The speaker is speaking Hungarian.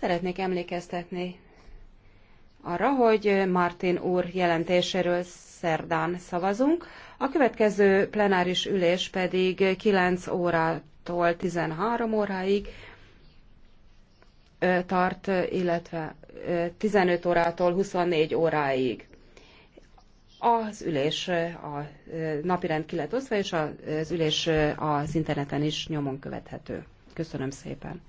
Szeretnék emlékeztetni arra, hogy Martin úr jelentéséről szerdán szavazunk, a következő plenáris ülés pedig 9 órától 13 óráig tart, illetve 15 órától 24 óráig. Az ülés a napirend ki lett osztva, és az ülés az interneten is nyomon követhető. Köszönöm szépen!